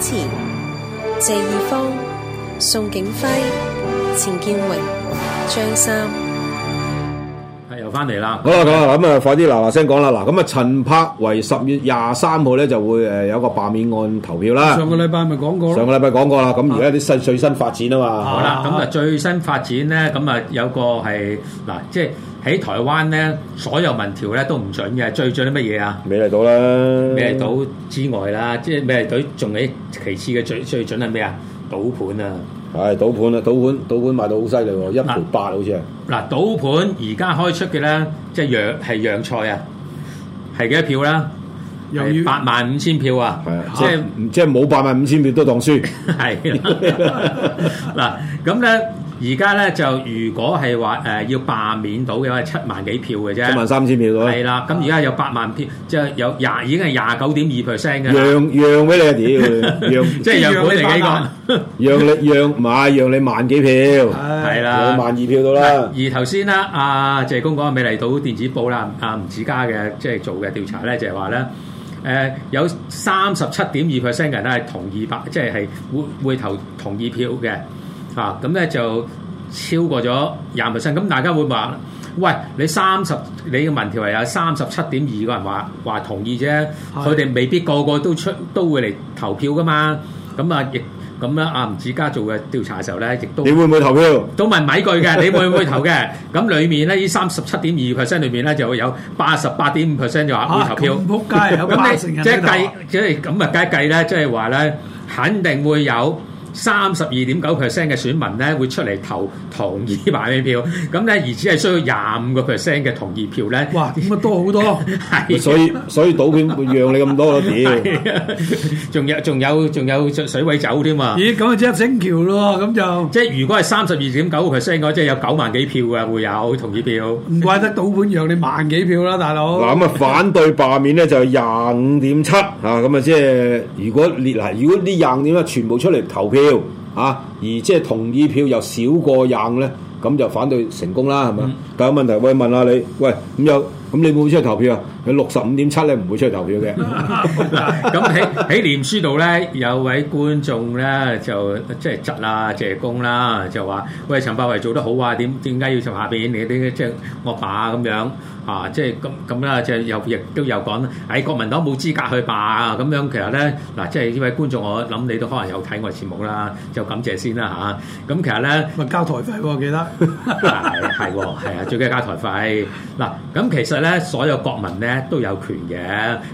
前謝義方、宋景輝、錢建榮、張三係又翻嚟啦！好啦咁啊，快啲嗱嗱聲講啦！嗱咁啊，陳柏惟十月廿三號咧就會誒有個罷免案投票啦。上個禮拜咪講過，上個禮拜講過啦。咁而家啲新,、啊、新啊啊最新發展啊嘛。好啦，咁啊最新發展咧，咁啊有個係嗱，即係。喺台灣咧，所有民調咧都唔準嘅，最準啲乜嘢啊？美麗島啦，美麗島之外啦，即係美麗島仲喺其次嘅最最準係咩啊？賭盤啊，係賭盤啊，賭盤賭盤賣到好犀利喎，一賠八好似啊！嗱，賭盤而家開出嘅咧，即係讓係讓菜啊，係幾多票啦？用於八萬五千票啊，即係即係冇八萬五千票都當輸。係嗱，咁咧。而家咧就如果係話誒要罷免到嘅話，七萬幾票嘅啫，七萬三千票到。係啦，咁而家有八萬票，即係有廿已經係廿九點二 percent 嘅。讓讓俾你啊！屌，即係讓俾你幾個，讓你讓買，讓你萬幾票，係啦，萬二票到啦。而頭先咧，阿謝公講美麗島電子報啦，阿吳子嘉嘅即係做嘅調查咧，就係話咧，誒有三十七點二 percent 嘅人咧係同意罷，即係係會會投同意票嘅。啊，咁咧就超過咗廿 percent，咁大家會話：喂，你三十，你嘅民調係有三十七點二個人話話同意啫，佢哋未必個個都出都會嚟投票噶嘛。咁啊，亦咁樣，阿吳子嘉做嘅調查時候咧，亦都你會唔會投票？都問米句嘅，你會唔會投嘅？咁裏面咧，呢三十七點二 percent 裏面咧，就會有八十八點五 percent 就話會投票。仆街，有八成人都投。即係計，即係咁啊，梗係計啦，即係話咧，肯定會有。三十二點九 percent 嘅選民咧，會出嚟投同意罷免票，咁咧而只係需要廿五個 percent 嘅同意票咧。哇，點解多好多，所以所以賭盤會讓你咁多，屌，仲有仲有仲有水位走添嘛！咦，咁啊即入升橋咯，咁就即係如果係三十二點九個 percent 嘅話，即係有九萬幾票嘅會有同意票。唔怪得賭盤讓你萬幾票啦，大佬。嗱咁啊，反對罷免咧就係廿五點七啊，咁啊即係如果列嗱，如果呢廿五啊全部出嚟投票。票啊，而即係同意票又少過硬咧，咁就反對成功啦，係咪？嗯、但係問題，我喂，問下你，喂，咁有，咁你會唔會即係投票？啊？佢六十五點七咧，唔會出投票嘅、 啊。嗱，咁喺喺臉書度咧，有位觀眾咧就即係窒啦，謝公啦，就話：喂，陳柏惟做得好啊，點點解要做下邊嗰啲即係惡霸咁、啊、樣啊？即係咁咁啦，即係又亦都有講，喺、哎、國民黨冇資格去罷啊咁樣。其實咧，嗱、啊，即係呢位觀眾，我諗你都可能有睇我嘅節目啦，就感謝先啦、啊、嚇。咁、啊、其實咧，交台費喎、啊，記得係係喎，係啊，最緊要交台費。嗱、啊，咁其實咧，所有國民咧。都有權嘅，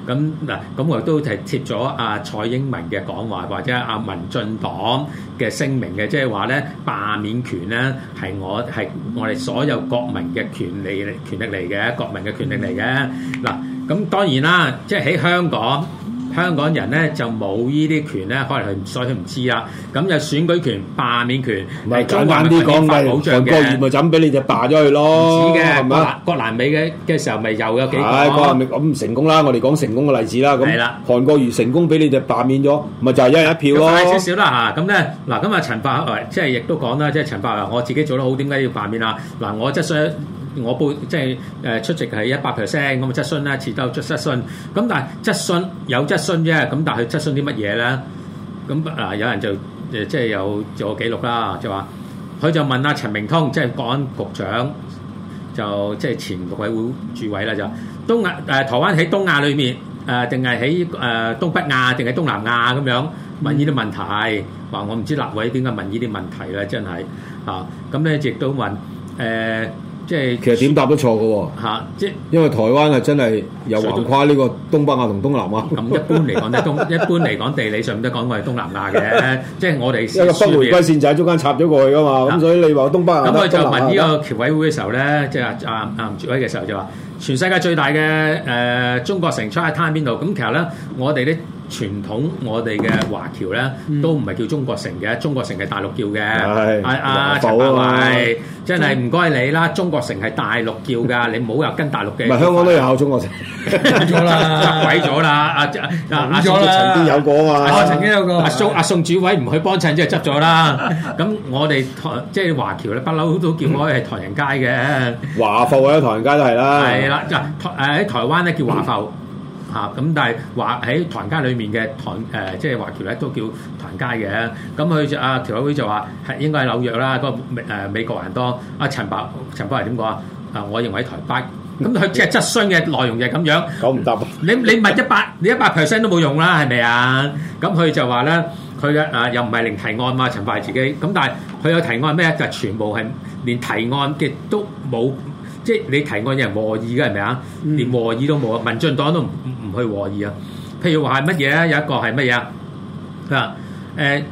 咁嗱，咁我亦都係貼咗阿、啊、蔡英文嘅講話，或者阿、啊、民進黨嘅聲明嘅，即係話咧罷免權咧係我係我哋所有國民嘅權利權力嚟嘅，國民嘅權力嚟嘅。嗱，咁當然啦，即係喺香港。香港人咧就冇依啲權咧，可能佢所以佢唔知啦。咁、嗯、就、嗯、選舉權、罷免權係中國呢啲發保障嘅。韓國瑜咪就咁俾你就罷咗佢咯。唔止嘅，割割闌尾嘅嘅時候咪又有幾個？係割闌尾咁、嗯、唔成功啦，我哋講成功嘅例子啦。係、嗯、啦、嗯嗯嗯。韓國瑜成功俾你就罷免咗，咪就係一人一票咯。少少啦嚇，咁咧嗱，今日、啊、陳柏惟即係亦都講啦，即係陳柏惟誒，我自己做得好，點解要罷免啊？嗱，我即係想。我報即係誒出席係一百 percent 咁質詢啦，遲到質質詢。咁但係質詢有質詢啫，咁但係佢質詢啲乜嘢咧？咁啊有人就誒即係有做記錄啦，就話佢就問阿陳明通，即係國安局長，就即係前陸委會主委啦，就東亞誒台灣喺東亞裏面誒，定係喺誒東北亞定係東南亞咁樣問呢啲問題，話我唔知立委點解問呢啲問題咧，真係啊！咁咧亦都問誒。即係其實點答都錯嘅喎，即因為台灣係真係又橫跨呢個東北亞同東南亞。咁一般嚟講咧， 東一般嚟講地理上唔得講我係東南亞嘅，即係我哋一個北迴歸線就喺中間插咗過去嘅嘛。咁所以你話東北亞，咁我、嗯、就問呢個僑委會嘅時候咧，即係阿阿阿吳主席嘅時候就話，全世界最大嘅誒、啊、中國城出喺邊度？咁其實咧，我哋咧。傳統我哋嘅華僑咧，都唔係叫中國城嘅，中國城係大陸叫嘅。阿阿陳大偉，真係唔該你啦！中國城係大陸叫㗎，你唔好又跟大陸嘅。唔係香港都有考中國城，執鬼咗啦！阿阿阿陳邊有過啊嘛？我曾經有過。阿宋阿宋主委唔去幫襯，即係執咗啦。咁我哋台即係華僑咧，不嬲都叫開係唐人街嘅。華埠或者唐人街都係啦。係啦，即係喺台灣咧叫華埠。嚇、嗯、咁但係話喺唐街裏面嘅唐誒即係華僑咧都叫唐街嘅，咁佢就阿調委會就話係應該係紐約啦，那個美、呃、美國還多。阿、啊、陳柏陳柏惟點講啊？啊，我認為喺台北。咁佢即係質詢嘅內容就係咁樣，講唔得。你你問一百你一百 percent 都冇用啦，係咪啊？咁佢就話咧，佢啊、呃、又唔係零提案嘛，陳柏惟自己。咁但係佢有提案咩？就係、全部係連提案嘅都冇。即係你提案有人和議嘅係咪啊？連和議都冇啊！民進黨都唔唔去和議啊！譬如話係乜嘢啊？有一個係乜嘢啊？誒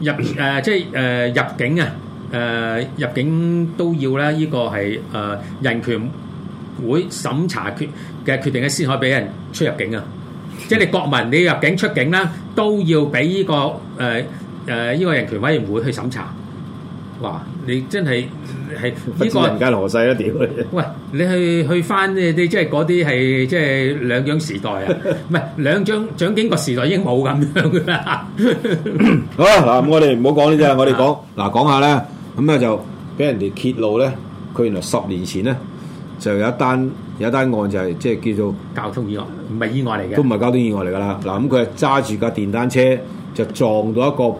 入誒即係誒入境啊！誒入境都要啦，呢個係誒人權會審查決嘅決定嘅先可以俾人出入境啊！即係你國民你入境出境啦，都要俾呢個誒誒呢個人權委員會去審查。哇！你真係係呢個，人間何世一屌！喂，你去去翻呢啲，即係嗰啲係即係兩張時代啊，唔 係兩張蔣經國時代已經冇咁樣啦。 好啦，嗱我哋唔好講呢啲啦，我哋、 啊、講嗱講下咧，咁咧就俾人哋揭露咧，佢原來十年前咧就有一單有一單案就係即係叫做交通意外，唔係意外嚟嘅，都唔係交通意外嚟噶啦。嗱咁佢係揸住架電單車就撞到一個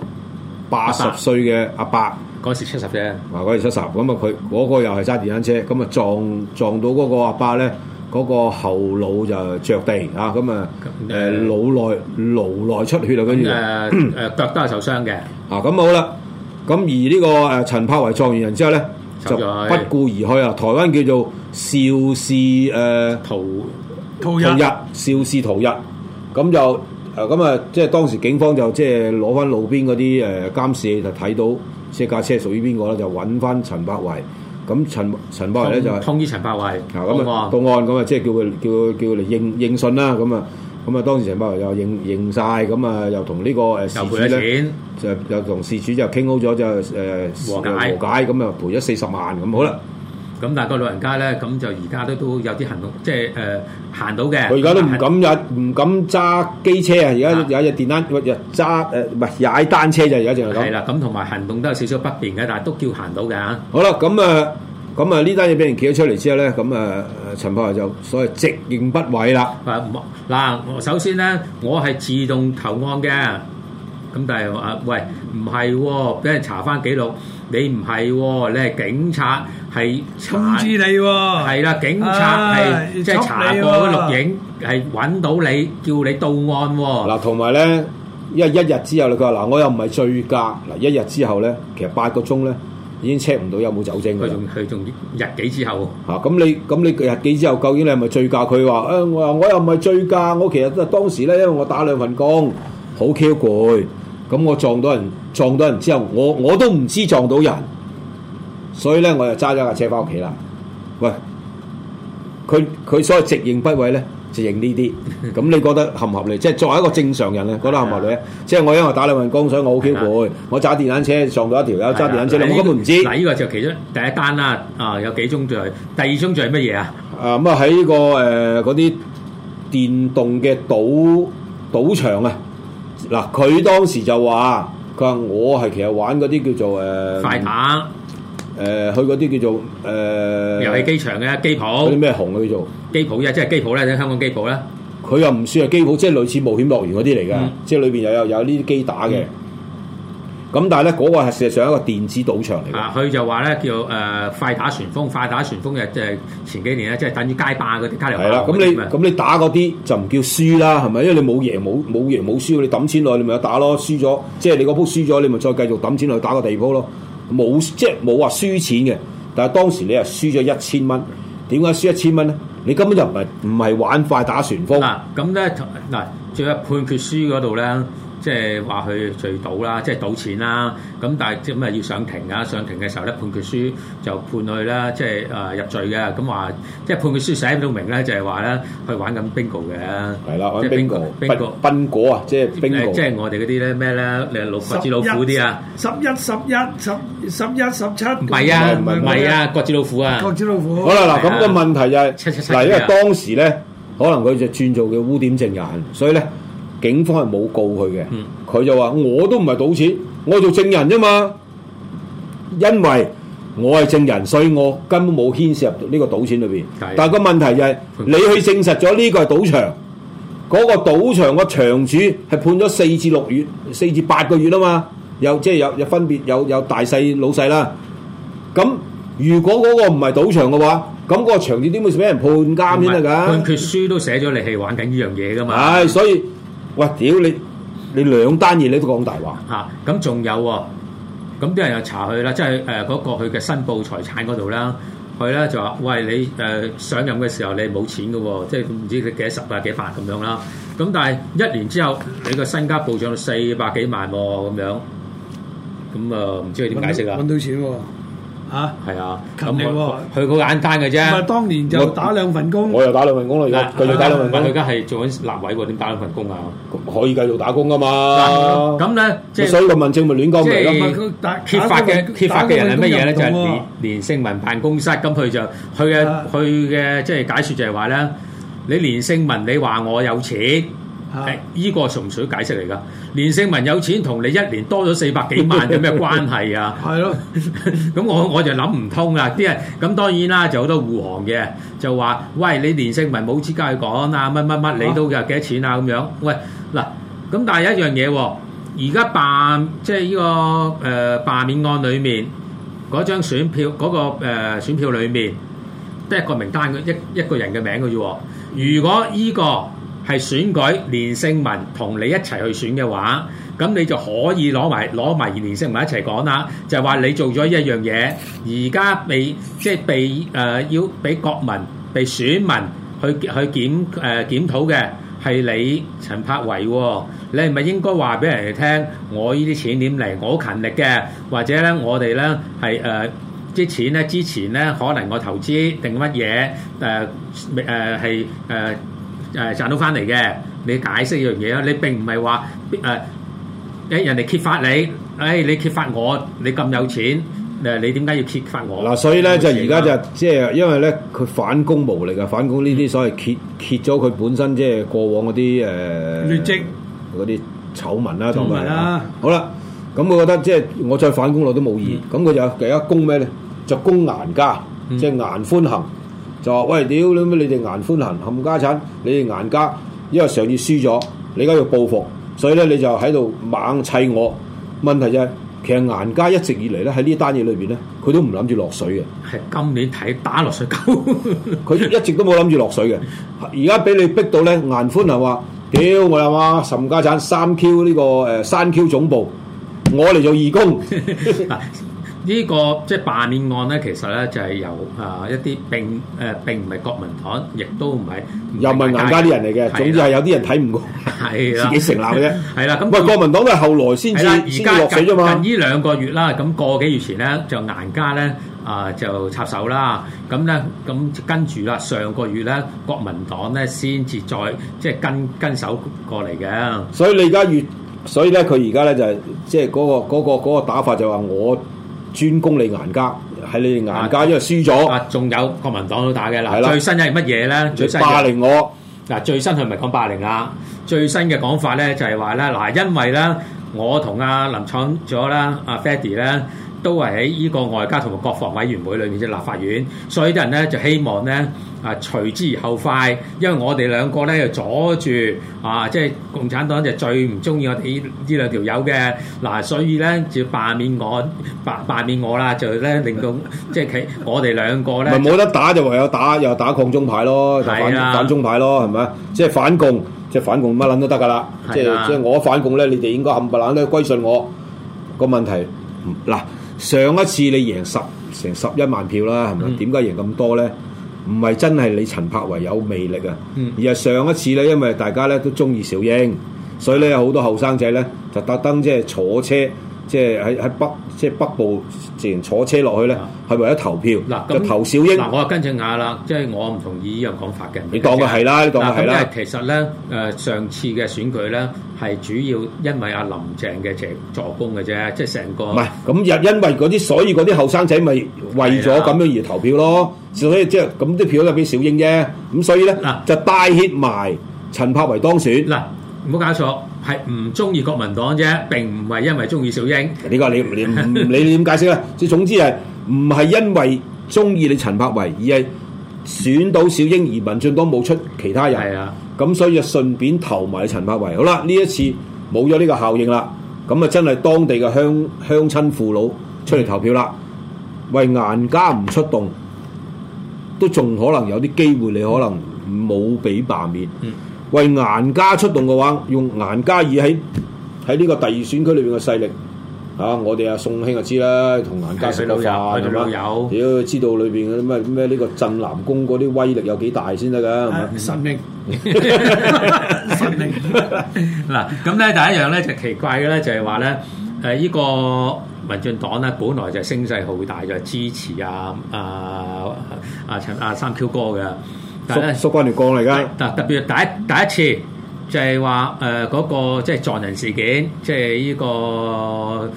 八十歲嘅阿伯。爸爸嗰時七十啫，嗱嗰時七十，咁啊佢嗰個又係揸電單車，咁啊撞撞到嗰個阿伯咧，嗰、那個後腦就着地啊，咁啊誒腦內顱內出血啊，跟住誒誒腳都係受傷嘅。啊，咁、啊、好啦，咁而呢、這個誒、呃、陳柏惟撞完人之後咧，就不顧而去啊，台灣叫做肇事誒逃逃逸，肇事逃逸。咁就誒咁啊，即係當時警方就即係攞翻路邊嗰啲誒監視就睇到。即架車屬於邊個咧？就揾翻陳柏惟，咁陳，陳柏惟咧就通通知陳柏惟，咁啊到案咁啊，即係叫佢叫叫佢嚟應應訊啦，咁啊咁啊，當時陳柏惟又認認曬，咁啊又同呢個事主就又同事主就傾好咗，就誒和、呃、解，咁啊賠咗四十萬咁好啦。咁但係個老人家咧，咁就而家都都有啲行動，即係誒行到嘅。我而家都唔敢有唔敢揸機車啊！而家有一隻電單，日揸誒唔係踩單車就而家嚟講。係啦，咁同埋行動都有少少不便嘅，但係都叫行到嘅嚇。好啦，咁啊，咁啊呢單嘢俾人叫咗出嚟之後咧，咁啊陳柏惟就所謂直言不諱啦。嗱，首先咧，我係自動投案嘅。咁但係啊喂唔係，俾人查翻記錄，你唔係，你係警察。係通知你喎，係啦，警察係即係查過啲錄影，係揾到你，叫你到案喎。嗱，同埋咧，因為一日之後佢話：嗱，我又唔係醉駕。嗱，一日之後咧，其實八個鐘咧已經 check 唔到有冇酒精嘅。佢仲佢仲日幾之後喎。嚇，咁你咁你日幾之後究竟你係咪醉駕？佢話：，誒，我話我又唔係醉駕，我其實都係當時咧，因為我打兩份工好 Q 攰，咁我撞到人撞到人之後，我我都唔知撞到人。所以咧，我就揸咗架車翻屋企啦。喂，佢佢所謂直認不諱咧，直認呢啲。咁你覺得合唔合理？即係作為一個正常人咧， 覺得合唔合理？ 即係我因為打兩份工，所以我好攰，我揸電單車撞到一條友，揸電單車你根本唔知。嗱、呢個，呢個就其中第一單啦。啊，有幾宗罪、就係？第二宗罪係乜嘢啊？啊咁、呢個呃、啊，喺個誒嗰啲電動嘅賭賭場啊。嗱，佢當時就話：佢話我係其實玩嗰啲叫做誒、呃、快打。誒、呃，去嗰啲叫做誒，遊戲機場嘅機鋪，嗰啲咩紅叫做機鋪啫，即係機鋪咧，即係香港機鋪咧。佢又唔算係機鋪，即係類似冒險樂園嗰啲嚟嘅，嗯、即係裏邊又有有這些機、嗯、呢啲機打嘅。咁但係咧，嗰個係事實上一個電子賭場嚟。啊，佢就話咧叫誒、呃、快打旋風，快打旋風嘅即係前幾年咧，即係等於街霸嗰啲卡嚟玩啊。咁你咁你打嗰啲就唔叫輸啦，係咪？因為你冇贏冇冇贏冇輸，你抌錢落去，你咪打咯。輸咗，即係你嗰鋪輸咗，你咪再繼續抌錢落去打個第二鋪咯。冇即係冇話輸錢嘅，但係當時你又輸咗一千蚊，點解輸一千蚊咧？你根本就唔係唔係玩快打旋風嗱、啊，咁咧嗱，著、啊、入判決書嗰度咧。即係話佢聚賭啦，即係賭錢啦。咁但係點啊？要上庭啊！上庭嘅時候咧，判決書就判佢啦，即係誒入罪嘅。咁話即係判決書寫唔到明咧，就係話咧，佢玩緊 bingo 嘅。係啦，玩 bingo。bingo 賓果啊，即係誒，即係我哋嗰啲咧咩咧？你係老虎、國字老虎嗰啲啊？十一、十一、十、十一、十七。唔係啊，唔係啊，國字老虎啊，國字老虎。好啦，嗱，咁個問題就係七七七。嗱，因為當時咧，可能佢就轉做嘅污點證人，所以咧。警方係冇告佢嘅，嗯，佢就話我都唔係賭錢，我做證人啫嘛。因為我係證人，所以我根本冇牽涉入呢個賭錢裏邊。但個問題就係你去證實咗呢個係賭場，嗰個賭場個場主係判咗四至六月、四至八個月啊嘛。有即係有有分別，有有大細老細啦。咁如果嗰個唔係賭場嘅話，咁嗰個場主點會俾人判監先得㗎？判決書都寫咗你係玩緊呢樣嘢㗎嘛。係，所以。喂，屌你！你兩單嘢你都講大話嚇，咁仲有喎、啊？咁啲人又查佢啦，即係誒嗰個佢嘅申報財產嗰度啦，佢咧就話：喂，你、呃、想上任嘅時候你冇錢嘅喎、啊，即係唔知佢幾十百、啊、幾百咁、啊、樣啦、啊。咁但係一年之後，你個身家暴漲到四百幾萬喎，咁樣咁啊，唔、啊、知佢點解釋啦？揾到，揾到錢喎、啊！啊，係啊，咁嚟喎，佢好簡單嘅啫。咪當年就打兩份工，我又打兩份工咯。而家佢又打兩份，佢而家係做緊立委喎，點打兩份工啊？可以繼續打工㗎嘛？咁咧，即係所以個問政咪亂講嘅咯。揭發嘅揭發嘅人係乜嘢咧？就係連連勝文辦公室，咁佢就佢嘅佢嘅即係解説就係話咧，你連勝文你話我有錢。係、哎、依、這個純粹解釋嚟噶，連勝文有錢同你一年多咗四百幾萬有咩關係啊？係 咯、是的笑，咁我我就諗唔通啦。啲人咁當然啦，就好多護航嘅，就話喂，你連勝文冇資格去講啊，乜乜乜，你都有幾多錢啊咁樣。喂嗱，咁但係一樣嘢，而家罷即係呢個誒罷、呃、免案裏面嗰張選票嗰、那個誒、呃、選票裏面得一個名單嘅一一個人嘅名嘅啫。如果依、這個係選舉連勝文同你一齊去選嘅話，咁你就可以攞埋攞埋連勝文一齊講啦。就係、是、話你做咗一樣嘢，而家被即係被誒、呃、要俾國民、被選民去去檢誒、呃、檢討嘅係你陳柏惟。你係咪應該話俾人哋聽？我呢啲錢點嚟？我好勤力嘅，或者咧我哋咧係誒啲錢咧之前咧可能我投資定乜嘢誒誒係誒。呃呃誒賺到翻嚟嘅，你解釋一樣嘢咯。你並唔係話誒誒人哋揭發你，誒你揭發我，你咁有錢誒，你點解要揭發我？嗱，所以咧就而家就即係因為咧佢反攻無力啊，反攻呢啲所謂揭揭咗佢本身即係過往嗰啲誒劣跡、嗰啲醜聞啦，講句啊。好啦，咁我覺得即係我再反攻落都冇意義。咁佢就而家攻咩咧？就攻顏家，即係顏寬恒。就話喂，屌你咩！你哋顏寬恆冚家產，你哋顏家因為上次輸咗，你而家要報復，所以咧你就喺度猛砌我。問題就係其實顏家一直以嚟咧喺呢單嘢裏邊咧，佢都唔諗住落水嘅。係今年睇打落水狗，佢 一直都冇諗住落水嘅。而家俾你逼到咧，顏寬恆話，屌我呀嘛，岑、呃、家產三 Q 呢個誒三 Q 總部，我嚟做義工。 呢、這個即係罷免案咧，其實咧就係、是、由啊、呃、一啲並誒、呃、並唔係國民黨，亦都唔係又唔係顏家啲人嚟嘅。總之係有啲人睇唔過，自己成立嘅啫。係啦，咁喂、嗯，那個，國民黨都係後來先至而家落水啫嘛。近呢兩個月啦，咁、那個幾月前咧就顏家咧啊、呃、就插手啦。咁咧咁跟住啦，上個月咧國民黨咧先至再即係跟跟手過嚟嘅。所以你而家越，所以咧佢而家咧就係即係嗰個嗰嗰、那個那個打法就話我。專攻你顏家喺你哋顏家、啊，因為輸咗。啊，仲有國民黨都打嘅啦。係啦，最新係乜嘢咧？最霸凌我嗱、啊，最新係咪講霸凌啦、啊，最新嘅講法咧就係話咧嗱，因為咧我同阿、啊、林昶佐啦，阿 Freddy 咧都係喺呢個外交同埋國防委員會裏面即立法院，所以啲人咧就希望咧。啊，隨之而後快，因為我哋兩個咧就阻住啊，即係共產黨就最唔中意我哋呢依兩條友嘅嗱，所以咧就罷免我，罷罷免我啦，就咧令到 即係佢我哋兩個咧，咪冇得打就唯有打，又打抗中牌咯，啊、就反反中牌咯，係咪啊？即係反共，即係反共乜撚都得噶啦，即係即係我反共咧，你哋應該冚唪唥都歸順我、那個問題。嗱、啊，上一次你贏十成十一萬票啦，係咪？點、嗯、解贏咁多咧？唔係真係你陳柏惟有魅力啊，嗯、而係上一次咧，因為大家咧都中意小英，所以咧好多後生仔咧就特登即係坐車。即係喺喺北即係北部自然坐車落去咧，係為咗投票，就投小英。嗱，我又跟正下啦，即係我唔同意依樣講法嘅。你當佢係啦，你當佢係啦。因為其實咧，誒上次嘅選舉咧，係主要因為阿林鄭嘅邪助攻嘅啫，即係成個唔係。咁又因為嗰啲，所以嗰啲後生仔咪為咗咁樣而投票咯。所以即係咁啲票都係俾小英啫。咁所以咧就帶挈埋陳柏惟當選。嗱，唔好搞錯。係唔中意國民黨啫，並唔係因為中意小英。呢個你你你點解釋啦？即 總之係唔係因為中意你陳柏惟，而係選到小英而民進黨冇出其他人。係啊，咁所以順便投埋陳柏惟。好啦，呢一次冇咗呢個效應啦，咁啊真係當地嘅鄉鄉親父老出嚟投票啦。喂，顏家唔出動，都仲可能有啲機會，你可能冇俾罷免。嗯為顏家出動嘅話，用顏家而喺喺呢個第二選區裏邊嘅勢力啊，我哋阿宋卿就知啦，同顏家熟佬有，有要知道裏邊咩咩呢個鎮南宮嗰啲威力有幾大先得噶，神明神明嗱，咁咧第一樣咧就奇怪嘅咧就係話咧，誒呢個民進黨咧本來就係聲勢好大，就支持阿阿阿陳阿三 Q 哥嘅。哎 Construction .縮縮緊條光嚟㗎，特別第一第一次就係話誒嗰個即係撞人事件，即係呢個誒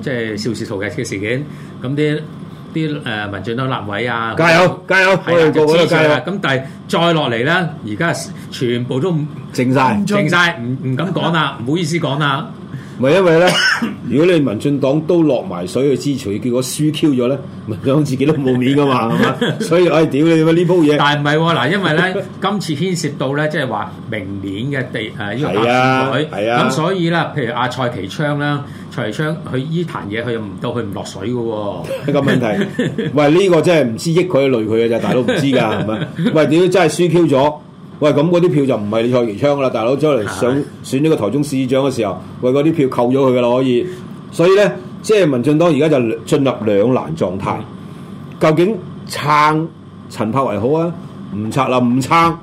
即係肇事逃逸嘅事件，咁啲啲誒民進黨立委啊，加油加油，支持啊！咁但係再落嚟咧，而家全部都靜曬，靜曬，唔唔敢講啦，唔好意思講啦。 因為呢如果你民進黨都落埋水去支持，結果輸 Q 咗咧，民進黨自己都冇面噶嘛 係嘛？所以唉，屌、哎、你！呢鋪嘢，但係唔係嗱？因為呢 今次牽涉到即係話明年嘅地誒呢咁所以呢，譬如阿蔡其昌啦，蔡其昌佢呢壇嘢，佢又唔到、哦，佢唔落水嘅喎，呢個問題， 喂，呢、呢個真係唔知益佢累佢嘅咋？大佬唔知㗎，係咪？ 喂，屌真係輸 Q 咗！喂，咁嗰啲票就唔係蔡其昌啦，大佬將來想選呢個台中市長嘅時候，喂嗰啲票扣咗佢噶啦，可以。所以咧，即係民進黨而家就進入兩難狀態。究竟撐陳柏惟好啊？唔撐啦，唔撐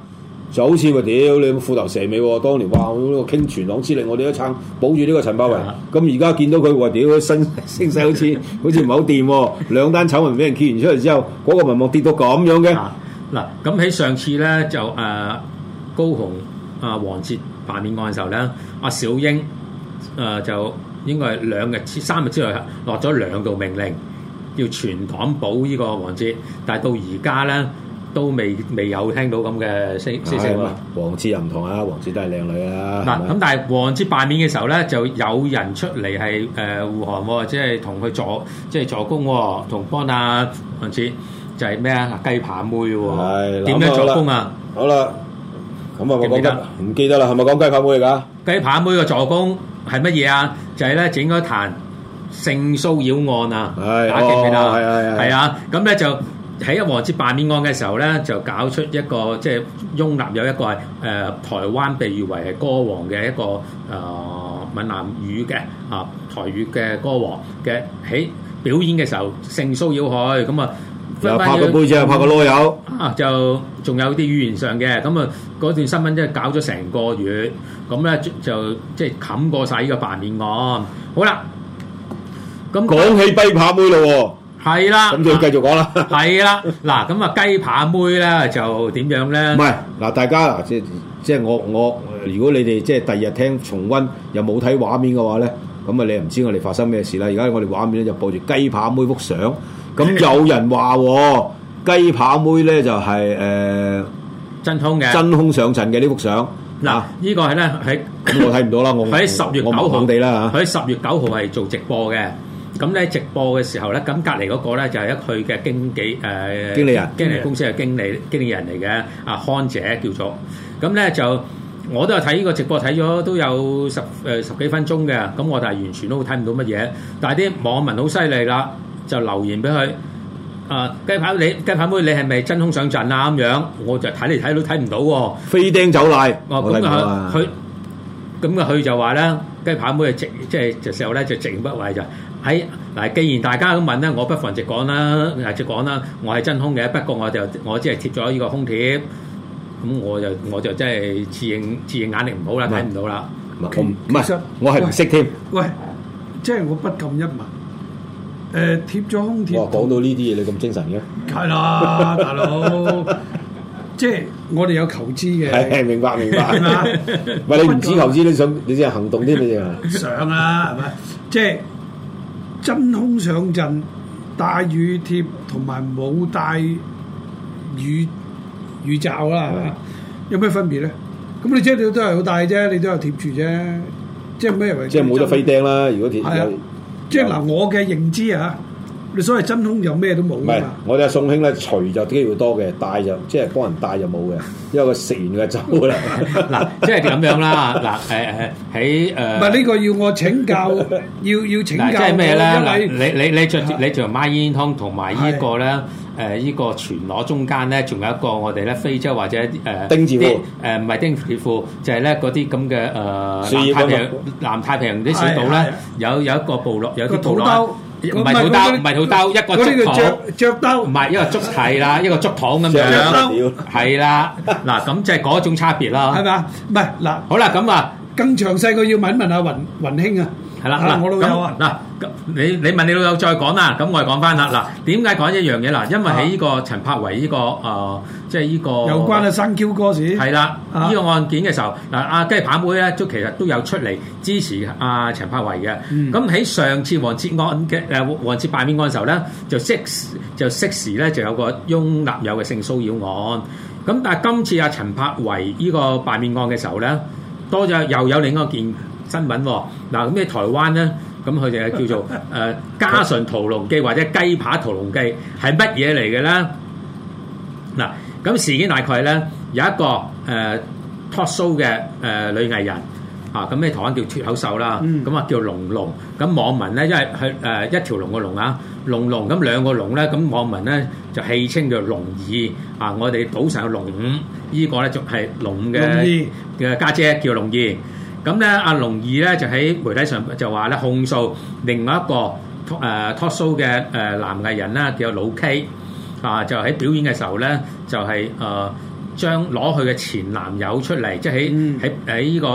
就好似話屌你虎頭蛇尾喎、哦。當年哇，我、這個、傾全黨之力，我哋都撐保住呢個陳柏惟。咁而家見到佢話屌，聲聲勢好似 好似唔好掂喎。兩單醜聞俾人揭完出嚟之後，嗰、那個民望跌到咁樣嘅。嗱，咁喺上次咧就誒、呃、高雄啊黃捷罷免案嘅時候咧，阿小英誒、啊、就應該係兩日三日之內落咗兩道命令，要全黨保呢個黃捷。但係到而家咧都未未有聽到咁嘅聲聲息喎。黃、哎嗯、又唔同啊，黃捷都係靚女啊。嗱，咁但係黃捷罷免嘅時候咧，就有人出嚟係誒護航喎、哦，即係同佢助即係、就是、助攻、哦，同幫下、啊、黃捷。就係、是、咩啊，啊，啊？雞扒妹喎，點樣助攻啊？好啦，咁啊，記唔記得？唔記得啦，係咪講雞扒妹嚟噶？雞扒妹嘅助攻係乜嘢啊？就係咧整嗰個彈性騷擾案啊，打擊佢啦，係啊，咁、哦、咧就喺黃捷罷免案嘅時候咧，就搞出一個即係擁立有一個誒、呃、台灣被譽為係歌王嘅一個誒閩、呃、南語嘅啊台語嘅歌王嘅喺表演嘅時候性騷擾佢咁啊！拍個杯啫，拍個囉柚，啊！就仲有啲語言上嘅咁啊，嗰段新聞真係搞咗成個月，咁咧就即係冚過晒呢個罷免案。好了了啦，咁講起雞扒妹咯喎，係啦，咁就繼續講啦，係啦，嗱咁啊雞扒妹咧就點樣咧？唔係嗱，大家即即係我我，如果你哋即係第二日聽重溫又冇睇畫面嘅話咧，咁啊你唔知我哋發生咩事啦。而家我哋畫面咧就播住雞扒妹幅相。咁有人話雞扒妹咧就係、是呃、真空嘅真空上陣嘅、啊這個、呢幅相嗱，依個係咧喺我睇唔到啦，我喺十月九號我地啦吓喺十月九號係做直播嘅，咁咧直播嘅時候咧，咁隔離嗰個咧就係一佢嘅經紀、呃、經理人，經理公司嘅經理經理人嚟嘅，阿康、啊、姐叫做咁咧就我都有睇呢個直播睇咗都有十誒十幾分鐘嘅，咁我就係完全都睇唔到乜嘢，但係啲網民好犀利啦。就留言俾佢，啊雞排你雞排妹，排妹你係咪真空上陣啊咁樣？我就睇嚟睇到睇唔到喎，飛釘走賴。哦、啊，咁佢、啊，咁啊佢、啊、就話咧，雞排妹的直就是就是就是就是就是、直即係就時候咧就直言不諱就喺嗱，既然大家咁問咧，我不妨直講啦，直講啦，我係真空嘅，不過我就我即係貼咗呢個空貼，咁我就我就，我就真係自，自認眼力唔好啦，睇、嗯、唔到啦。唔係，我係唔識添。喂，即係、就是、我不禁一問。誒、呃，貼咗空調。哇，講到呢啲嘢，你咁精神嘅？係啦，大佬， 即係我哋有求知嘅。明白，明白。係 你唔止求知， 你想你先行動添，你上啊？想啦，係咪？即係真空上陣，帶雨貼同埋冇帶雨雨罩啦，有咩分別咧？咁你即係都係好大啫，你都有貼住啫，即係咩？即係冇得飛釘啦，如果貼即係嗱，我嘅認知啊。你所謂真空有咩都冇。唔係，我哋阿宋兄咧除就機會多嘅，帶就即係幫人帶就冇嘅，因為佢食完嘅走啦。嗱，即係咁樣啦。嗱、啊，誒、啊、誒，喺誒，唔係呢個要我請教，啊、要要請教、啊。即係咩咧？嗱、啊啊，你你你著、啊、你著孖煙通同埋依個咧，誒依、啊這個全裸中間咧，仲有一個我哋咧非洲或者誒、呃、丁字褲，唔、啊、係丁字褲，就係咧嗰啲咁嘅誒太平洋南太平洋啲小島咧，有有一個部落有啲土佬。唔係土兜，唔係土兜，一個竹兜，唔係一個竹，係 啦，一個竹筒咁樣，係啦，嗱， 咁即係嗰種差別啦，係咪啊？唔係嗱，好啦，咁啊，更詳細嘅要問問阿雲雲兄啊。係 啦，嗱咁，嗱咁你你問你老友再講啦，咁我哋講翻啦，嗱點解講一樣嘢嗱？因為喺呢個陳柏惟呢、這個誒，即係呢個有關嘅新嬌歌事，係、啊、啦，呢、這個案件嘅時候，嗱阿雞扒妹咧，都其實都有出嚟支持阿、啊、陳柏惟嘅。咁、嗯、喺上次黃捷案嘅誒黃捷罷免案嘅時候咧，就即時呢就即時咧就有個翁立友嘅性騷擾案。咁但係今次阿、啊、陳柏惟呢個罷免案嘅時候咧，多咗又有另一個件。新聞嗱咩台灣咧，咁佢哋就叫做誒《嘉順屠龍記》或者《雞扒屠龍記》，係乜嘢嚟嘅咧？嗱，咁事件大概咧有一個誒 talk show 嘅誒女藝人嚇，咁咩台灣叫脫口秀啦，咁啊叫龍龍。咁網民咧因為佢誒一條龍嘅龍啊，龍龍咁兩個龍咧，咁網民咧就戲稱叫龍二啊！我哋賭神龍五，依個咧就係龍嘅嘅家姐叫龍二。咁咧，阿龍龍咧就喺媒體上就話咧控訴另外一個誒 talk show 嘅誒男藝人啦，叫老 K，啊就喺表演嘅時候咧，就係誒將攞佢嘅前男友出嚟，即係喺喺呢個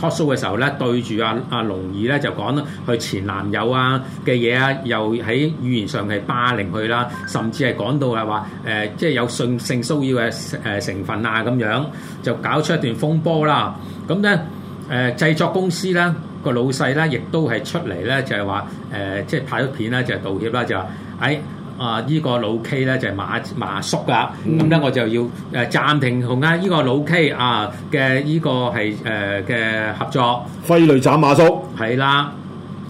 talk show 嘅時候咧，對住阿阿龍龍咧就講佢前男友啊嘅嘢啊，又喺語言上係霸凌佢啦，甚至係講到係話誒即係有性性騷擾嘅誒成分啊咁樣，就搞出一段風波啦。咁咧。誒、呃、製作公司咧個老細咧，亦都係出嚟咧，就係話誒，即係拍咗片啦，就是、道歉啦，就話喺啊呢個老 K 咧，就係、是、馬馬叔噶，咁、嗯、咧我就要誒暫、呃、停同啊呢個老 K 啊嘅呢、這個係誒嘅合作，揮淚斬馬叔，係啦，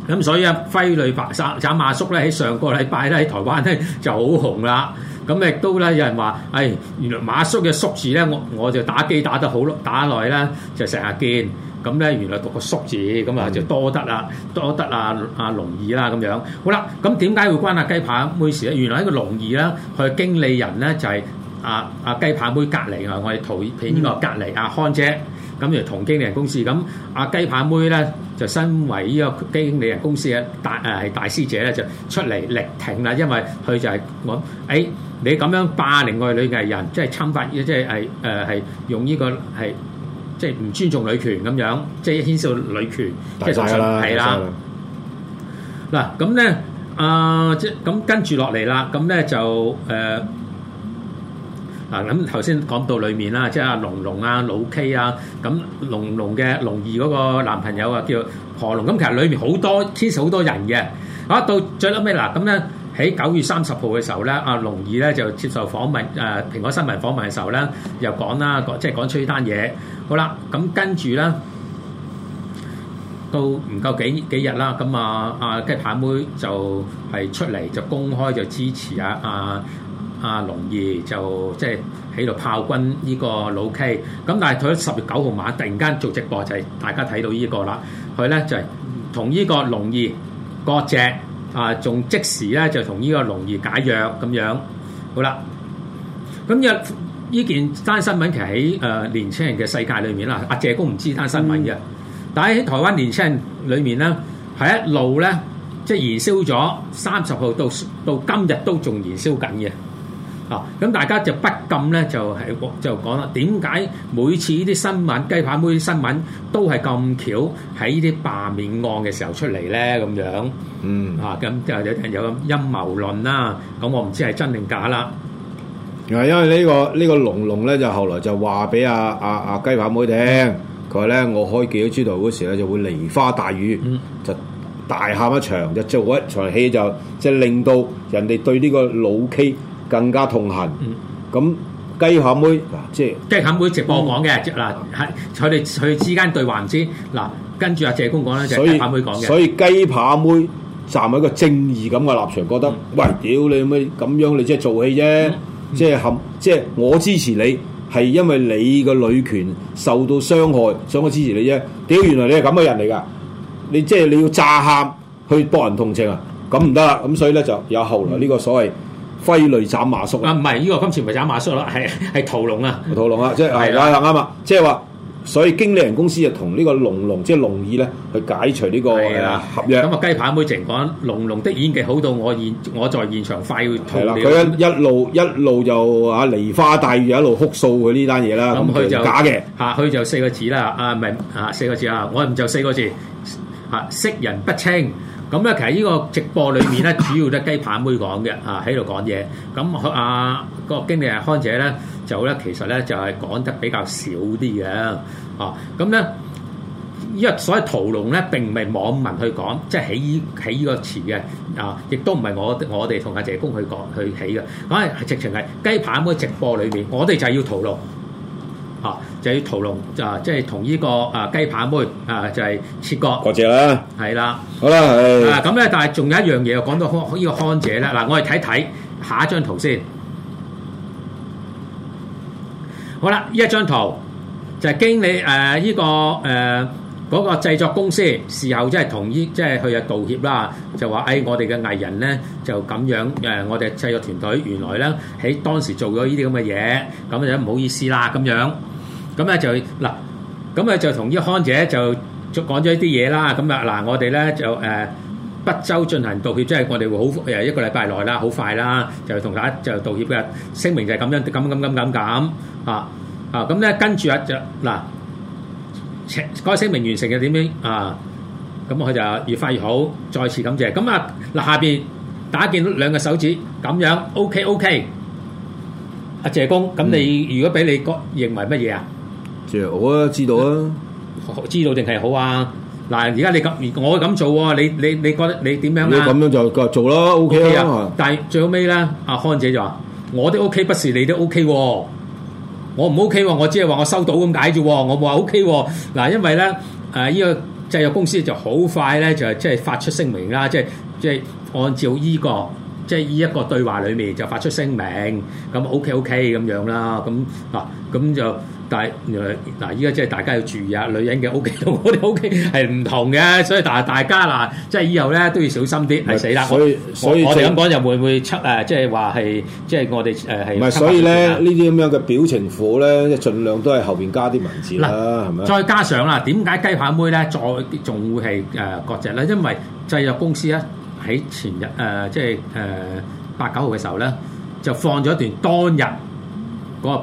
咁所以啊揮淚白殺斬馬叔咧，喺上個禮拜咧喺台灣咧就好紅啦，咁亦都咧有人話，誒、哎、原來馬叔嘅叔字咧，我我就打機打得好咯，打耐啦就成日見。咁咧原來讀個縮字，咁啊就多得啦、嗯，多得啊阿龍二啦咁樣。好啦，咁點解會關阿雞扒妹事咧？原來這個呢個龍二啦，佢經理人咧就係阿阿雞扒妹隔籬、嗯、啊，我哋圖片呢個隔籬阿康姐。咁就同經理人公司咁，阿雞、啊、扒妹咧就身為呢個經理人公司嘅大誒係、呃、大師姐咧，就出嚟力挺啦，因為佢就係講誒你咁樣霸凌我女藝人，即、就、係、是、侵犯，即係誒誒係用呢、這個係。即係唔尊重女權咁樣，即係牽涉女權，大曬啦，大曬啦。嗱咁咧，啊即咁跟住落嚟啦，咁咧就誒嗱咁頭先講到裡面啦，即係阿龍龍啊、老 K 啊，咁龍龍嘅龍二嗰個男朋友啊叫何龍，咁其實裡面好多牽涉好多人嘅。好到最撚尾啦咁咧。喺九月三十號嘅時候咧，阿龍二咧就接受訪問，誒蘋果新聞訪問嘅時候咧，又講啦，即係講出呢單嘢。好啦，咁跟住咧，都唔夠幾幾日啦，咁啊啊雞扒妹就係出嚟就公開就支持啊啊啊龍二，就即係喺度炮轟呢個老 K。咁但係佢喺十月九號晚突然間做直播就係大家睇到呢個啦，佢咧就係同呢個龍二割席。啊，仲即時咧就同呢個龍龍解約咁樣，好啦。咁若呢件單新聞其實喺誒、呃、年青人嘅世界裏面啦，阿、啊、謝公唔知道單新聞嘅，嗯、但喺台灣年青人裏面咧，係一路咧即燃燒咗三十號到到今日都仲燃燒緊嘅。咁、啊、大家就不禁咧就係就講啦，點解每次呢啲新聞雞扒妹新聞都係咁巧喺呢啲罷免案嘅時候出嚟咧？咁樣，嗯咁、啊、就有人有陰謀論啦。咁我唔知係真定假啦。因為呢、呢個呢、呢個龍龍咧就後來就話俾阿阿阿雞扒妹聽，佢、嗯、呢，咧我開幾多豬頭嗰時咧就會梨花大雨、嗯，就大喊一場，就做一場戲，就即係令到人哋對呢個老 K。更加痛恨。咁、嗯、雞扒妹即係、就是、雞扒妹直播講嘅，嗱喺佢哋佢之間對話唔知嗱跟住阿謝公講咧，就是、雞扒妹講嘅。所以雞扒妹站喺一個正義咁嘅立場，覺得、嗯、喂，屌你妹，咁樣，你即係做戲啫，即係喊，即、就、係、是就是、我支持你，係因為你嘅女權受到傷害，所以我支持你啫。屌原來你係咁嘅人嚟噶，你即係、就是、你要詐喊去博人同情啊，咁唔得啦。咁所以咧就有後來呢個所謂、嗯。揮淚斬馬謖啊！唔係呢個今次唔係斬馬謖咯，係係屠龍啊！屠龍啊！即係係啦，啱啊！即係話，所以經理人公司就同呢個龍龍即係龍二咧，去解除呢、呢個、啊、合約、嗯。咁啊，雞排妹直講，龍龍的演技好到我現我在現場快要脱了。係啦，佢一一路一路就啊，梨花帶雨一路哭訴佢呢單嘢啦。咁、嗯、佢就假嘅吓、啊，佢就四個字啦，啊，明吓、啊、四個字啊，我唔就四個字吓，識、啊、人不清。咁咧、啊，其實依個直播裏面咧，主要都係雞扒妹講嘅，啊喺度講嘢。咁阿個經理人康姐咧，就咧其實咧就係講得比較少啲嘅，啊，咁咧，因為所謂屠龍咧並唔係網民去講，即係起起依個詞嘅，啊，亦都唔係我我哋同阿謝公去講去起嘅，咁係直情係雞扒妹直播裏面，我哋就係要屠龍。嚇、啊！就要屠龍啊！即係同呢個啊雞扒妹啊，就係、是這個啊啊就是、切割。多謝啦，係啦，好啦，咁咧、啊，但係仲有一樣嘢，又講到看呢個康姐咧。嗱、啊，我哋睇睇下一張圖先。好啦，呢一張圖就係、是、經理誒依、啊這個誒嗰、啊那個製作公司事後即係同意，即係去啊道歉啦，就話誒、哎、我哋嘅藝人咧就咁樣誒、啊、我哋製作團隊原來咧喺當時做咗呢啲咁嘅嘢，咁就唔好意思啦咁樣。咁咧就嗱，咁啊就同呢康姐就講咗一啲嘢啦。咁啊嗱，我哋咧就誒北洲進行道歉，即係我哋會好誒一個禮拜內啦，好快啦，就同大家就道歉嘅聲明就係咁樣咁咁咁咁咁啊啊！咁咧跟住啊就嗱，該聲明完成又點樣啊？咁佢就越快越好，再次感謝。咁啊嗱，下邊大家見到兩個手指咁樣 OK OK，阿謝公，咁你如果俾你認為乜嘢啊？我啊知道啊，知道定係好啊？嗱，而家你咁，我咁做喎、啊，你你你覺得你點樣啊？咁樣就做啦，O K 啊！OK、啊但係最後尾咧，阿康姐就話：我都 O K 不是你都 O K，我唔 O K，我只係話我收到咁解啫，我冇話 O K。嗱，因為咧誒，呢、啊這個製藥公司就好快咧，就即係發出聲明啦，即係即係按照呢、這個即係呢一個對話裏面就發出聲明，咁 O K O K 咁樣啦，咁啊咁就。但係原來嗱，依家即係大家要注意啊！女人嘅 OK 同我哋 OK 係唔同嘅，所以但係大家嗱，即係以後咧都要小心啲，係死啦！所以我哋咁講又會唔會出誒？即係話係即係我哋誒係。唔係，所以咧呢啲咁樣嘅表情符咧，盡量都係後邊加啲文字啦，係咪？再加上啦，點解雞扒妹咧再仲會係誒割蓆咧？因為製藥公司咧喺前日誒，即係誒八九號嘅時候咧，就放咗一段當日嗰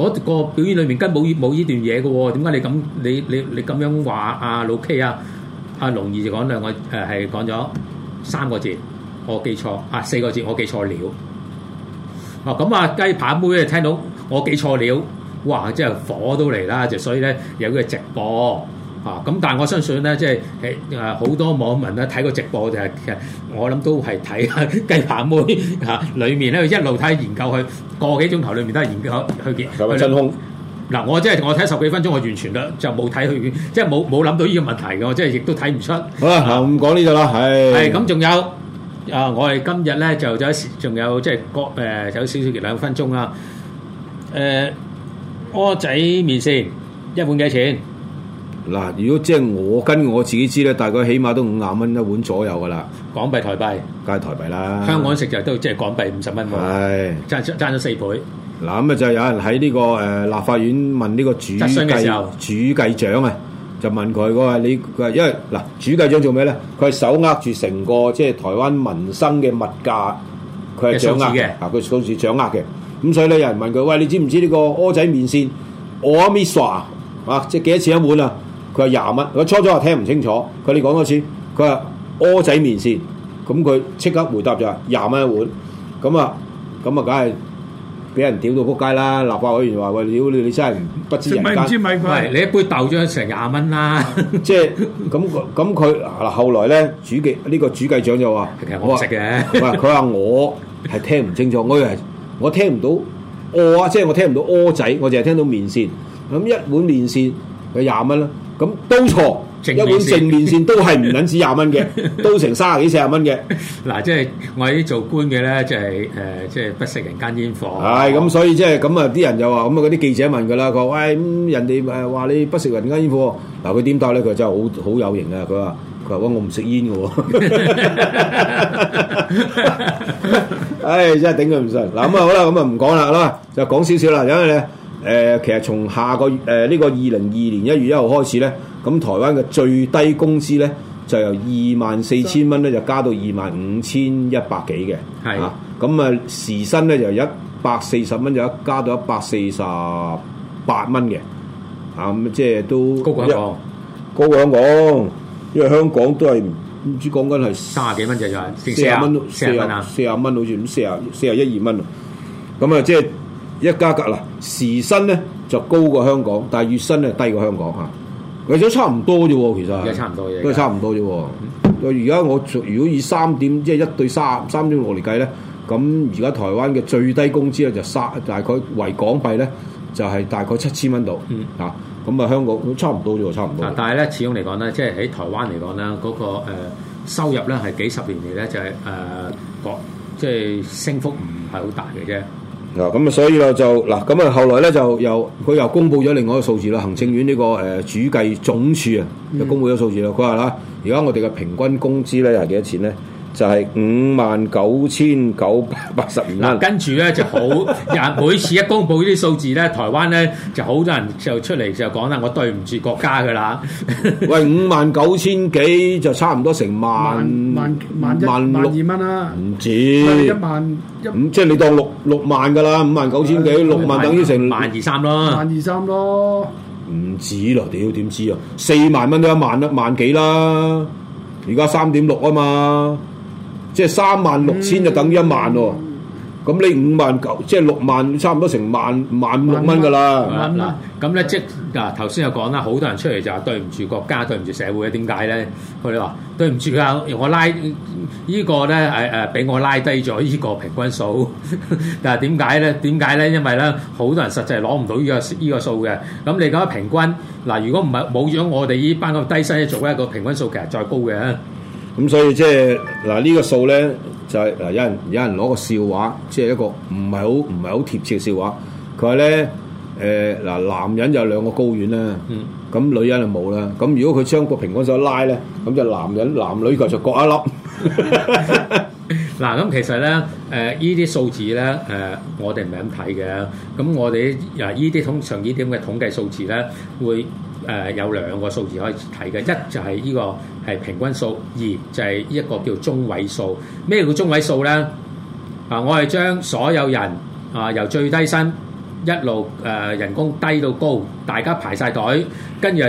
我個表演裏面跟冇冇呢段嘢嘅喎，點解你咁，你你你咁樣話啊老 K 啊？阿龍二就講兩個，我誒係講咗三個字，我記錯啊，四個字我記錯了。哦，咁啊雞扒妹啊聽到我記錯了，哇真係火都嚟啦，就所以咧有個直播。啊！咁但係我相信咧，即係誒好多網民咧睇個直播就係其實我諗都係睇、啊、雞扒妹嚇、啊，裡面咧一路睇研究佢，個幾鐘頭裡面都係研究去嘅。真空？嗱、啊，我即係我睇十幾分鐘，我完全咧就冇睇佢，即係冇冇諗到呢個問題嘅，我即係亦都睇唔出。好啦，咁講呢度啦，係係咁仲有啊！我哋今日咧就，就還有仲有即係個誒有少少嘅兩分鐘啊！誒、呃，蚵仔麵線一碗幾錢？嗱，如果即係我跟我自己知咧，大概起碼都五十蚊一碗左右噶啦。港幣、台幣，梗係台幣啦。香港食就都即係港幣五十蚊喎。係爭爭咗四倍。嗱，咁啊就有人喺呢個誒、呃、立法院問呢個主計主計長啊，就問佢：，喂，你佢係因為嗱，主計長做咩咧？佢係手握住成個即係台灣民生嘅物價，佢係掌握嘅。啊，佢數住掌握嘅。咁所以咧，有人問佢：，喂，你知唔知呢個蚵仔麵線？我阿咪耍啊！即係幾多錢一碗啊？啊佢話廿蚊，佢初初又聽唔清楚。佢你講多次，佢話蚵仔麵線，咁佢即刻回答就係廿蚊一碗。咁啊，咁啊，梗係俾人屌到撲街啦！立法委員話喂，屌你，你真係唔不知唔知米粉，你一杯豆漿成廿蚊啦。即係咁，咁佢嗱，後來咧，主計呢、呢個主計長就話：，其實我食嘅，佢話我係聽唔清楚， 我以為我聽唔到，餓啊！即、就、係、是、我聽唔到蚵仔，我淨係聽到麵線。咁一碗麵線佢廿蚊啦。他咁都錯，一碗成麵線都係唔撚止廿蚊嘅， 都成三十幾四十蚊嘅。嗱，即係我喺啲做官嘅咧、就係呃，即係即係不食人間煙火。係咁、嗯，所以即係咁啊！啲人就話咁啊，嗰啲記者問佢啦，佢話：，喂、哎，咁人哋誒話你不食人間煙火，嗱佢點答咧？佢、嗯啊、真係好好，好有型啊！佢話：佢話：我唔食煙嘅。唉、 哎，真係頂佢唔順。嗱咁啊，好啦，咁啊唔講啦，啦，就講少少啦，誒、呃、其實從下個月誒呢、呃這個二零二二年一月一號開始咧，咁台灣嘅最低工資咧就由二萬四千蚊咧就加到二萬五千一百幾嘅，嚇。咁啊、嗯、時薪咧由一百四十蚊就加到一百四十八蚊嘅，嚇、啊、咁即係都高過香港，高過香港，因為香港都係唔知講緊係三啊幾蚊就係四啊蚊，四啊四啊蚊好似咁四啊四啊一二蚊，咁啊即係。一加格啦，時薪咧就高過香港，但係月薪咧低過香港嚇。為咗差唔多啫喎，其實差唔多，因為差唔多啫喎。差唔多我而家我如果以三點即係一對三三點六嚟計咧，咁而家台灣嘅最低工資咧就三大概為港幣咧就係大概七千蚊度嚇。咁、嗯、啊香港都差唔多啫喎，差唔多。但係咧始終嚟講咧，即係喺台灣嚟講咧，嗰、個、呃、收入咧係幾十年嚟咧就係誒個即係升幅唔係好大嘅啫。咁啊，所以咯就嗱，咁啊，後來咧就又佢又公布咗另外一個數字啦，行政院呢、這個誒、呃、主計總署啊，又公布咗數字咯。佢話啦，而家我哋嘅平均工資咧又係幾多錢咧？就係五萬九千九百八十五。跟住咧就好， 每次一公布數呢啲數字咧，台灣咧就好多人就出嚟就講啦，我對唔住國家噶啦。 喂，五萬九千幾就差唔多成 1, 萬萬萬萬萬六蚊啦。唔止。一萬一，1, 6, 啊、11, 11, 11, 即係你當六。六萬㗎喇，五萬九千幾，六萬等於成萬二三咯，萬二三咯，唔止咯，屌點知啊，你要知四萬蚊都一萬一萬幾啦？而家三點六吖嘛，即係三萬六千就等於一萬喎。嗯嗯咁你五萬九，即係六萬，差唔多成萬萬六蚊噶啦。嗱，咁咧即嗱，頭先又講啦，好多人出嚟就話對唔住國家，對唔住社會啊？點解咧？佢哋話對唔住㗎，用我拉依個咧誒誒，俾我拉低咗依個平均數。但係點解咧？點解咧？因為咧，好多人實際係攞唔到依個依個數嘅。咁你講平均嗱，如果唔係冇咗我哋依班咁低薪一族咧，個平均數其實再高嘅。咁所以即係，嗱呢個數咧，就係嗱，有人有人攞個笑話，即係一個唔係好唔係好貼切嘅笑話。佢話咧誒嗱，男人有兩個睾丸啦，咁女人就冇啦。咁如果佢將個平均數拉咧，咁就男人男女就就各一粒。嗱，咁其實咧誒依啲數字咧誒我哋唔係咁睇嘅。咁我哋嗱，依啲通常依啲咁嘅統計數字咧會。誒有兩個數字可以睇嘅，一就係呢個係平均數，二就係一個叫中位數。咩叫中位數咧？啊，我係將所有人啊由最低薪一路誒人工低到高，大家排曬隊，跟住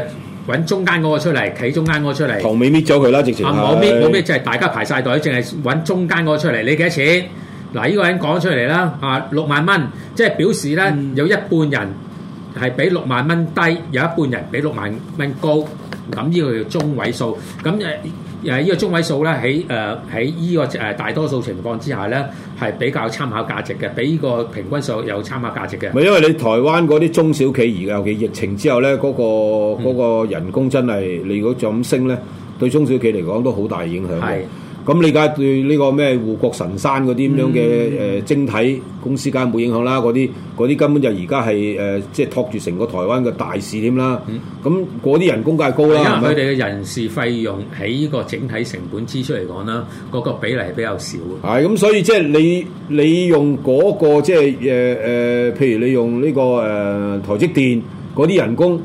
揾中間嗰個出嚟，企中間嗰個出嚟。頭尾搣咗佢啦，直接啊冇搣，冇搣，即係大家排曬隊，淨係揾中間嗰個出嚟。你幾多錢？嗱，呢個人講出嚟啦，啊六萬蚊，即係表示咧有一半人。係比六萬蚊低，有一半人比六萬蚊高，咁呢個叫中位數。咁誒誒呢個中位數咧，喺誒喺呢個誒大多數情況之下咧，係比較有參考價值嘅。比呢個平均數有參考價值嘅。咪因為你台灣嗰啲中小企而家尤其疫情之後咧，嗰個嗰個人工真係你如果就咁升咧，對中小企嚟講都好大影響嘅。咁你而家對呢個咩護國神山嗰啲咁樣嘅誒、嗯呃、晶體公司梗係冇影響啦，嗰啲嗰啲根本就而家係誒即係托住成個台灣嘅大事點啦。咁嗰啲人工梗係高啦。因為佢哋嘅人事費用喺呢個整體成本支出嚟講啦，嗰、嗰個比例係比較少嘅。係咁，所以即係你你用嗰、嗰個即係、呃、譬如你用呢、呢個誒、呃、台積電嗰啲人工。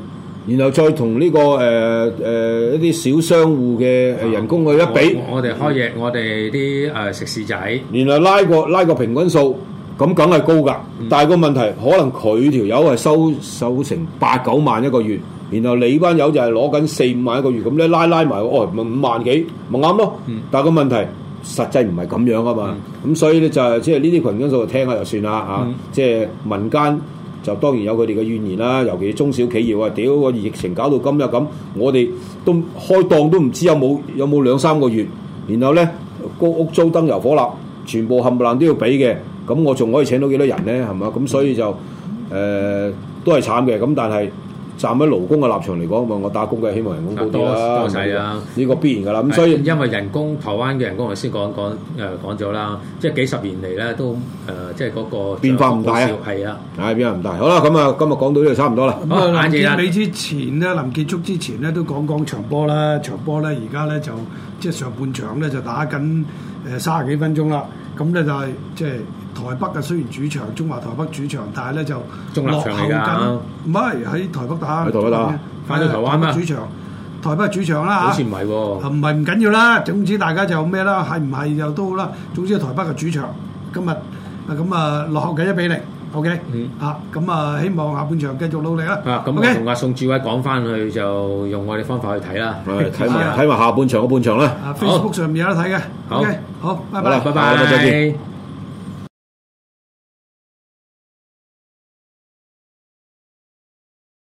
然後再同呢、這個誒誒、呃呃、一啲小商戶嘅誒人工去一比，我哋開嘢，我哋啲誒食肆仔，原來拉個拉個平均數，咁梗係高㗎、嗯。但係個問題可能佢條友係收收成八九萬一個月，然後你班友就係攞緊四五萬一個月，咁咧拉拉埋，哦、哎，咪五萬幾，咪啱咯。但係個問題實際唔係咁樣啊嘛。咁、嗯、所以咧就係、是、即係呢啲平均數聽下就算啦、嗯、啊，即係民間。就當然有佢哋嘅怨言啦，尤其是中小企業啊，屌個疫情搞到今日咁，我哋都開檔都唔知道有冇有冇兩三個月，然後咧高屋租燈油火蠟，全部冚唪唥都要俾嘅，咁我仲可以請到幾多人咧？係嘛，咁所以就誒、呃、都係慘嘅，咁但係。站喺勞工嘅立場嚟講，咪我打工嘅希望人工高啲啦。呢、就係呢個啊呢個必然㗎啦。咁所以因為人工，台灣嘅人工我先講講誒講咗啦，即係幾十年嚟咧都誒、呃，即係嗰個，個變化唔大啊。係啊，係變化唔大。好啦，咁啊，今日講到呢度差唔多啦。咁啊，見你之前咧，臨結束之前咧，都講講場波啦，場波咧，而家咧就即係上半場咧就打緊誒三十幾分鐘啦。咁咧就係即係。台北嘅雖然主場，中華台北主場，但係咧就落後緊，唔係喺台北打喺台北打。快到台灣咩？主場，台北主場啦好似唔係喎，唔係唔緊要啦，總之大家就咩啦，係唔係又都好啦，總之台北嘅主場，今日啊咁啊落後緊一比零，OK，嚇、嗯、咁啊，啊，希望下半場繼續努力啦。咁、啊、我同阿、OK? 啊、宋志偉講翻去，就用我哋方法去睇啦，睇埋睇埋下半場嗰半場啦。啊、Facebook 上面有得睇嘅，好，OK? 好，好，拜拜，拜拜，bye bye, bye bye, 再見。